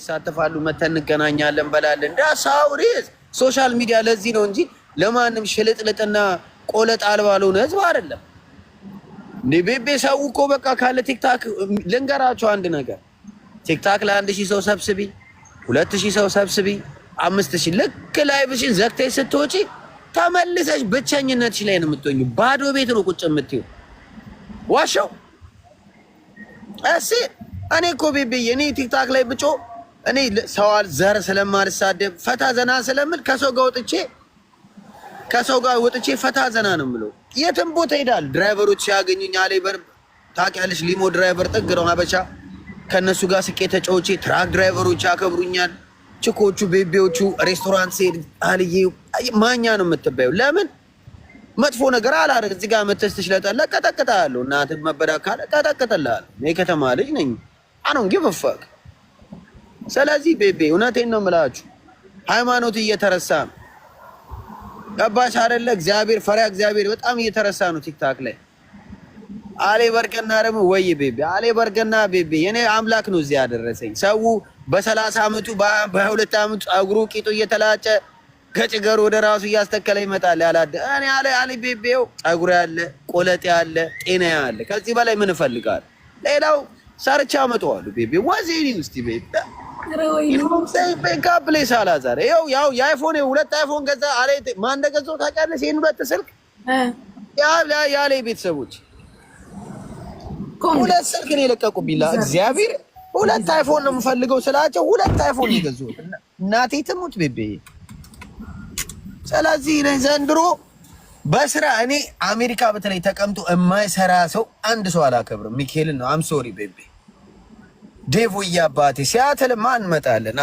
ይሳተፋሉ። መተን እንገናኛለን በላለን። ዳሳውሪ ሶሻል ሚዲያ ለዚህ ነው እንጂ ለማንም ሽልጥልጥና ቆለጥ አልባ ለሆነ ህዝብ አይደለም። ንቤቤ ሰው እኮ በቃ ካለ ቲክታክ ልንገራቸው አንድ ነገር ቲክታክ ለአንድ ሺህ ሰው ሰብስቢ፣ ሁለት ሺህ ሰው ሰብስቢ፣ አምስት ሺህ ልክ ላይብሽን ዘግተሽ ስትወጪ ተመልሰሽ ብቸኝነትሽ ላይ ነው የምትወኙ። ባዶ ቤት ነው ቁጭ የምትይው። ዋሻው እሺ እኔ እኮ ቤቤ ቲክታክ ላይ ብጮ እኔ ሰዋል ዘር ስለማልሳደብ ፈታ ዘና ስለምል ከሰው ጋር ወጥቼ ከሰው ጋር ወጥቼ ፈታ ዘና ነው የምለው። የትም ቦታ ሄዳል። ድራይቨሮች ሲያገኙኝ አሌበር ታውቂያለሽ፣ ሊሞ ድራይቨር ጥግ ነው ሀበሻ። ከእነሱ ጋር ስቄ ተጫውቼ ትራክ ድራይቨሮች ያከብሩኛል። ችኮቹ፣ ቤቤዎቹ ሬስቶራንት ሲሄድ አልዬ ማኛ ነው የምትባየው። ለምን መጥፎ ነገር አላደርግ። እዚህ ጋር መተስ ትችለጠለ ቀጠቅጠሃለሁ። እናትህ መበዳ ካለ ቀጠቅጠልሃለሁ። የከተማ ልጅ ነኝ። አይ ዶንት ጊቭ አ ፋክ ስለዚህ ቤቤ እውነቴን ነው የምላችሁ፣ ሃይማኖት እየተረሳ ነው። ገባሽ አይደለ? እግዚአብሔር ፈሪያ እግዚአብሔር በጣም እየተረሳ ነው ቲክታክ ላይ። አሌ በርገና ደግሞ ወይ ቤቤ አሌ በርገና ቤቤ የኔ አምላክ ነው እዚህ ያደረሰኝ። ሰው በሰላሳ አመቱ በሁለት አመቱ አጉሩ ቂጡ እየተላጨ ከጭገሩ ወደ ራሱ እያስተከለ ይመጣል። ያላደ እኔ አለ አለ ቤቤው ጸጉር ያለ ቆለጥ ያለ ጤና ያለ ከዚህ በላይ ምን እፈልጋለሁ? ሌላው ሰርቻ መጣው ቤቤ ዋዜኒ ውስጥ ቤቤ ፕሌስ አላዛር ያው የአይፎን ሁለት አይፎን ገዛ። ማን እንደገዛው ታውቂያለሽ? ሁለት ስልክ ያለ ቤተሰቦች ሁለት ስልክ ነው የለቀቁብኝ። እግዚአብሔር ሁለት አይፎን ነው የምፈልገው ስላቸው ሁለት አይፎን እናቴ ትሙት ቤቤ። ስለዚህ ዘንድሮ በስራ እኔ አሜሪካ በተለይ ተቀምጦ የማይሰራ ሰው አንድ ሰው አላከብርም። ሚካኤልን ነው አም ሶሪ ቤቤ ዴቡዬ አባቴ ሲያትል ማ እንመጣለን።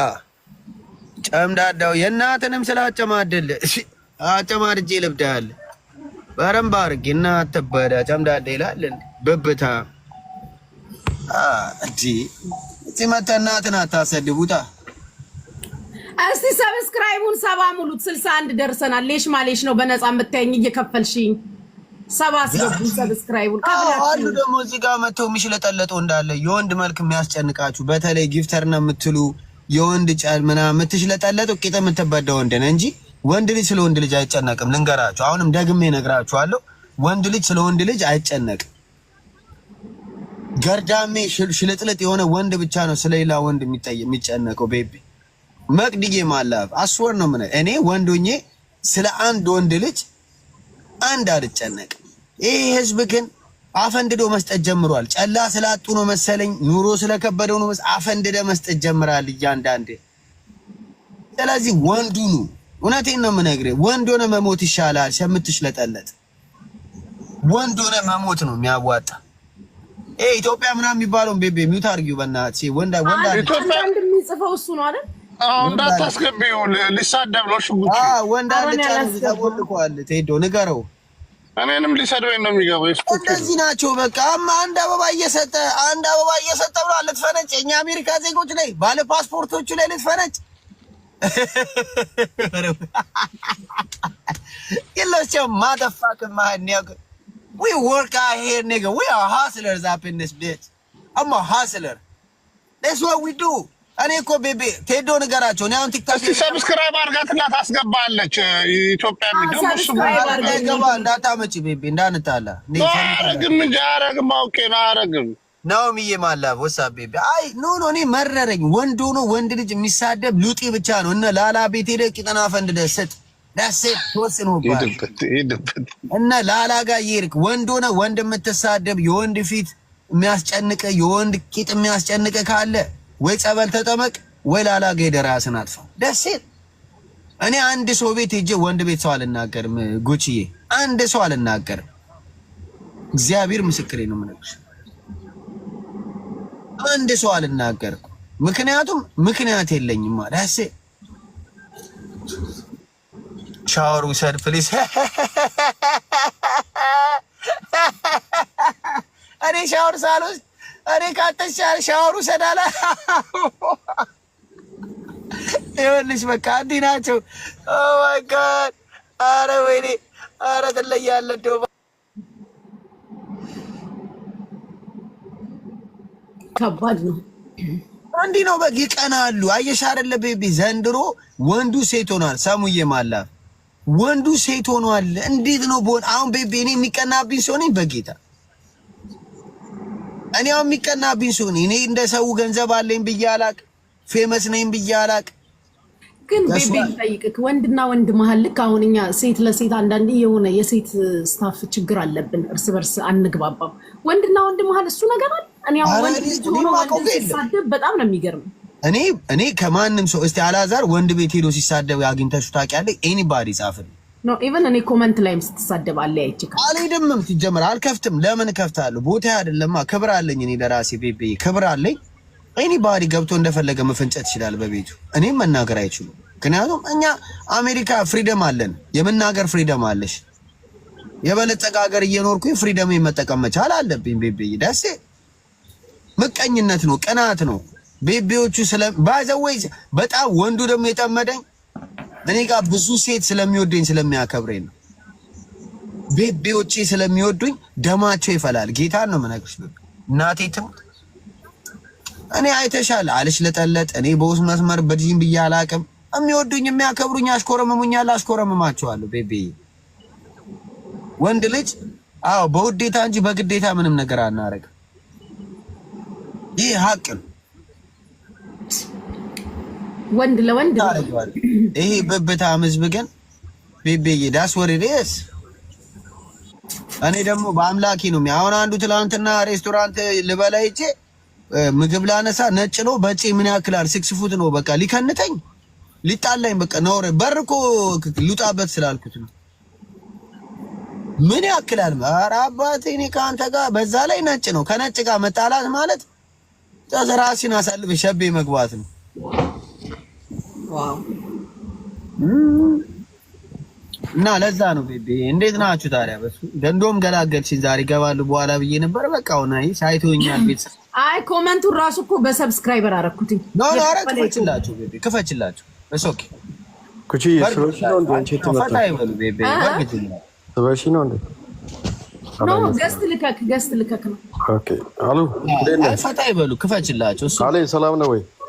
ጨምዳዳው የእናትንም ስላጨማድል አጨማድጄ ልብዳል በረምባ አድርጌ እናት ጨምዳዳ ይላል ብብታ እንዲ እዚህ መተ እናትን አታሰድቡታ። እስቲ ሰብስክራይቡን ሰባ ሙሉት ስልሳ አንድ ደርሰናል። ሌሽ ማሌሽ ነው በነፃ የምታየኝ እየከፈልሽኝ ሰባ ሰብስክራይቡን አሉ ደግሞ እዚህ ጋር የሚሽለጠለጡ እንዳለ የወንድ መልክ የሚያስጨንቃችሁ በተለይ ጊፍተር ነው የምትሉ የወንድ ጫል የምትሽለጠለጡ ቂጥ ወንድ ነህ እንጂ ወንድ ልጅ ስለ ወንድ ልጅ አይጨነቅም። ልንገራችሁ፣ አሁንም ደግሜ ነግራችኋለሁ፣ ወንድ ልጅ ስለ ወንድ ልጅ አይጨነቅም። ገርዳሜ ሽልጥልጥ የሆነ ወንድ ብቻ ነው ስለሌላ ወንድ የሚጨነቀው። ቤቢ መቅድዬ ማላፍ አስወር ነው ምን እኔ ወንዶኜ ስለ አንድ ወንድ ልጅ አንድ አልጨነቅ ይህ ህዝብ ግን አፈንድዶ መስጠት ጀምሯል። ጨላ ስላጡ ነው መሰለኝ፣ ኑሮ ስለከበደው ነው አፈንድደ መስጠት ጀምራል እያንዳንድ። ስለዚህ ወንዱ ነው፣ እውነቴን ነው የምነግርህ፣ ወንድ ሆነ መሞት ይሻላል። የምትሽለጠለጥ ወንድ ሆነ መሞት ነው የሚያዋጣ። ይሄ ኢትዮጵያ ምናምን የሚባለው ቤቤ ሚውት አድርጊው በእናትህ። ወንዳ ወንዳ የሚጽፈው እሱ ነው አይደል? አዎ እንዳታስገቢው፣ ሊሳደብ ነው ሽጉጥ። አዎ ወንዳ ልጫን ተቦልቋል። ቴዶ ንገረው እኔንም ሊሰድበኝ ነው የሚገባው። እንደዚህ ናቸው በቃ አንድ አበባ እየሰጠ አንድ አበባ እየሰጠ ብሏል። ልትፈነጭ እኛ አሜሪካ ዜጎች ላይ ባለ ፓስፖርቶቹ ላይ ልትፈነጭ የለቸው ማተፋክ ማህኒያቅ ዊ ወርክ ሄር ኔገ ዊ አር ሃስለርስ አፕ ኢን ዲስ ቤት አማ ሃስለር ስ ዊ ዱ እኔ እኮ ቤቤ ቴዶ ንገራቸው። እኔ አሁን ቲክታክ ሰብስክራይብ አድርጋትና ታስገባለች። ኢትዮጵያ ገባ እንዳታመጪ ቤቤ እንዳንታላ አረግም እንጂ አረግም አውቄ ነው አረግም ነው ምዬ ማላ ወሳ ቤቤ አይ ኖ ኖ እኔ መረረኝ። ወንድ ሆኖ ወንድ ልጅ የሚሳደብ ሉጢ ብቻ ነው። እነ ላላ ቤት ሄደ ቂጠና ፈንድ ደስጥ ደሴት ተወስኖ እነ ላላ ጋር እየሄድክ ወንድ ሆነ ወንድ የምትሳደብ የወንድ ፊት የሚያስጨንቀ የወንድ ቂጥ የሚያስጨንቀ ካለ ወይ ጸበል ተጠመቅ ወይ ላላ ገደራ ራስን አጥፋ። ደስ እኔ አንድ ሰው ቤት ሄጄ ወንድ ቤት ሰው አልናገርም። ጉቺዬ አንድ ሰው አልናገርም። እግዚአብሔር ምስክሬ ነው የምነግርሽ። አንድ ሰው አልናገርም። ምክንያቱም ምክንያት የለኝም። ደስ ሻወር ውሰድ ፕሊስ። እኔ ሻወር ሳልወስድ እኔ ካተሻል ሻወሩ ሰዳላ ይኸውልሽ፣ በቃ እንዲህ ናቸው። አረ ወይኔ፣ አረ ትለያለ ደ ከባድ ነው። እንዲህ ነው በግ ይቀናሉ። አየሽ አይደለ ቤቢ፣ ዘንድሮ ወንዱ ሴት ሆኗል። ሰሙዬ ማላ ወንዱ ሴት ሆኗል። እንዴት ነው በሆን አሁን ቤቢ፣ እኔ የሚቀናብኝ ሲሆነኝ በጌታ እኔ አሁን የሚቀናብኝ ሲሆን እኔ እንደ ሰው ገንዘብ አለኝ ብዬ አላቅም፣ ፌመስ ነኝ ብዬ አላቅም። ግን ቤቢ ጠይቅክ ወንድና ወንድ መሀል ልክ አሁን እኛ ሴት ለሴት አንዳንድ የሆነ የሴት ስታፍ ችግር አለብን፣ እርስ በርስ አንግባባም። ወንድና ወንድ መሀል እሱ ነገር አለ። እኔ ያው ወንድ ሲሳደብ በጣም ነው የሚገርም። እኔ እኔ ከማንም ሰው እስቲ አላዛር ወንድ ቤት ሄዶ ሲሳደብ አግኝተሽ ታውቂያለሽ? ኤኒባዲ ጻፍልኝ ኢቨን እኔ ኮመንት ላይም ስትሳደባለ አይችካ አልሄድምም። ሲጀመር አልከፍትም። ለምን ከፍታለሁ? ቦታ አይደለማ። ክብር አለኝ እኔ ለራሴ ቤቤ ክብር አለኝ። እኔ ባህሪ ገብቶ እንደፈለገ መፈንጨት ይችላል በቤቱ። እኔም መናገር አይችሉም። ምክንያቱም እኛ አሜሪካ ፍሪደም አለን፣ የመናገር ፍሪደም አለሽ። የበለጸገ ሀገር እየኖርኩኝ ፍሪደም መጠቀም መቻል አለብኝ። ቤቤ ደሴ ምቀኝነት ነው፣ ቅናት ነው። ቤቤዎቹ ስለ ባዘወይ በጣም ወንዱ ደግሞ የጠመደኝ እኔ ጋር ብዙ ሴት ስለሚወደኝ ስለሚያከብረኝ ነው። ቤቤዎቼ ስለሚወዱኝ ደማቸው ይፈላል። ጌታን ነው የምነግርሽ። እናቴ ትሙት እኔ አይተሻል፣ አልሽለጠለጥ እኔ በውስጥ መስመር በዲም ብዬ አላቅም። የሚወዱኝ የሚያከብሩኝ አሽኮረምሙኛል፣ አሽኮረምማቸዋለሁ። ቤቤ ወንድ ልጅ አዎ፣ በውዴታ እንጂ በግዴታ ምንም ነገር አናረግም። ይህ ሀቅ ነው። ወንድ ለወንድ ይሄ በብታም ህዝብ ግን ቤቤዬ ዳስ ወሬዴስ እኔ ደግሞ በአምላኪ ነው። አሁን አንዱ ትላንትና ሬስቶራንት ልበላ ሂጄ ምግብ ላነሳ ነጭ ነው በጪ ምን ያክላል ሲክስ ፉት ነው። በቃ ሊከንተኝ ሊጣላኝ በቃ ነውሬ በር እኮ ልውጣበት ስላልኩት ነው። ምን ያክላል? ኧረ አባቴ እኔ ከአንተ ጋር በዛ ላይ ነጭ ነው። ከነጭ ጋር መጣላት ማለት ራሴን አሳልፈ ሸቤ መግባት ነው። እና ለዛ ነው ቤቤ፣ እንዴት ናችሁ ታዲያ? በሱ እንደውም ገላገልሽን። ዛሬ ገባሉ በኋላ ብዬ ነበር። በቃ ሆነ ሳይቶኛል። ቤተሰብ አይ ኮመንቱን ራሱ እኮ በሰብስክራይበር አረኩትኝ። ኖ ኖ፣ ኧረ ክፈችላችሁ ቤቤ፣ ክፈችላችሁ። እሱ ኦኬ ኩቺዬ፣ ስበሽ ነው እንደ አንቺ ትመጣ ቤቤ። ስበሽ ነው እንደ ኖ ገስት ልከክ ገስት ልከክ ነው። ኦኬ አሉ ፈታ ይበሉ፣ ክፈችላችሁ። እሱ አለ ሰላም ነው ወይ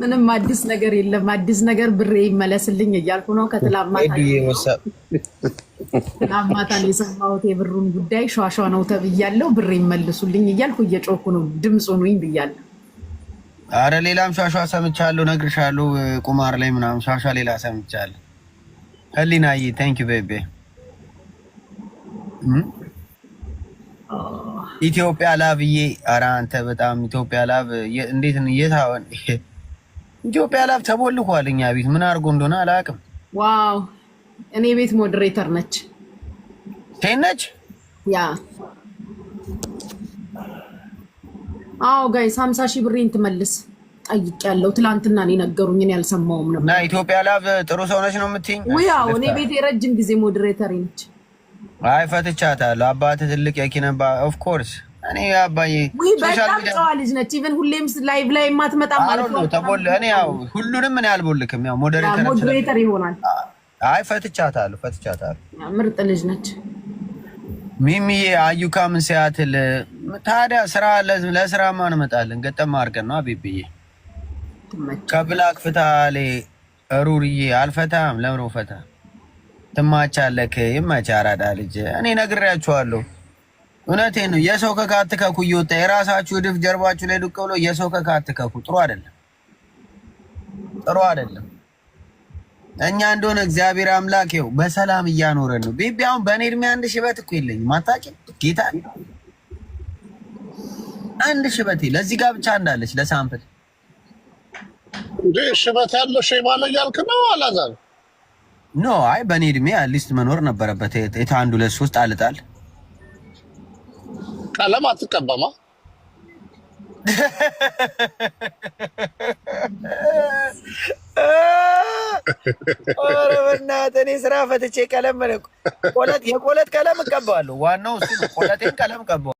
ምንም አዲስ ነገር የለም። አዲስ ነገር ብሬ ይመለስልኝ እያልኩ ነው። ከትላማታማታ ማታ የሰማሁት የብሩን ጉዳይ ሸዋሸዋ ነው ተብያለሁ። ብሬ ይመልሱልኝ እያልኩ እየጮኩ ነው። ድምፁ ሆኑኝ ብያለሁ። አረ ሌላም ሸዋሸዋ ሰምቻለሁ፣ እነግርሻለሁ። ቁማር ላይ ምናምን ሸዋሸዋ ሌላ ሰምቻለሁ። ህሊናዬ ታንክ ዩ ቤቤ ኢትዮጵያ ላብዬ፣ አረ አንተ በጣም ኢትዮጵያ ላብ እንዴት የታወን ኢትዮጵያ ላብ ተቦልኳል። እኛ ቤት ምን አድርጎ እንደሆነ አላውቅም። ዋው እኔ ቤት ሞዴሬተር ነች ሴት ነች። ያ አዎ ጋይስ ሀምሳ ሺህ ብሬን ትመልስ ጠይቅ ያለው ትላንትና እኔ ነገሩኝ፣ እኔ አልሰማሁም ነበር። እና ኢትዮጵያ ላብ ጥሩ ሰው ነች ነው የምትይኝ? ያው እኔ ቤት የረጅም ጊዜ ሞዴሬተር ነች። አይ ፈትቻታለሁ። አባትህ ትልቅ የኪነባ ኦፍ ኮርስ እኔ አባዬ በጣም ጨዋ ልጅ ነች። ኢቨን ሁሌም ላይቭ ላይ የማትመጣ ማለት ነው። ተቦል እኔ ያው ሁሉንም እኔ አልቦልክም። ያው ሞዴሬተር ሞዴሬተር ይሆናል። አይ ፈትቻታለሁ፣ ፈትቻታለሁ። ምርጥ ልጅ ነች። ሚሚዬ ምን ሲያትል ታዲያ ስራ ለስራማ እንመጣለን። ገጠማ አድርገን ነው አቤብዬ ከብላክ ፍታሌ ሩርዬ አልፈታም። ለምሮ ፈታ ትማቻለክ። ይመቻ አራዳ ልጅ እኔ ነግሬያችኋለሁ። እውነቴ ነው። የሰው ከካ አትከኩ እየወጣ የራሳችሁ ድፍ ጀርባችሁ ላይ ዱቅ ብሎ የሰው ከካ አትከኩ። ጥሩ አይደለም፣ ጥሩ አይደለም። እኛ እንደሆነ እግዚአብሔር አምላክ ይኸው በሰላም እያኖረን ነው። ቤቢ አሁን በእኔ እድሜ አንድ ሽበት እኮ የለኝም። አታውቂም? ጌታ አንድ ሽበት ለዚህ ጋር ብቻ እንዳለች ለሳምፕል እንዴ ሽበት ያለ ሼማ ነው እያልክ ነው አላዛር? ኖ አይ በእኔ እድሜ አትሊስት መኖር ነበረበት። የታ አንዱ ለሶስት አልጣል ቀለም አትቀባማ። ኧረ በእናትህ እኔ ስራ ፈትቼ ቀለም የቆለት ቀለም እቀባዋለሁ። ዋናው እሱ ነው። ቆለቴን ቀለም ቀባው።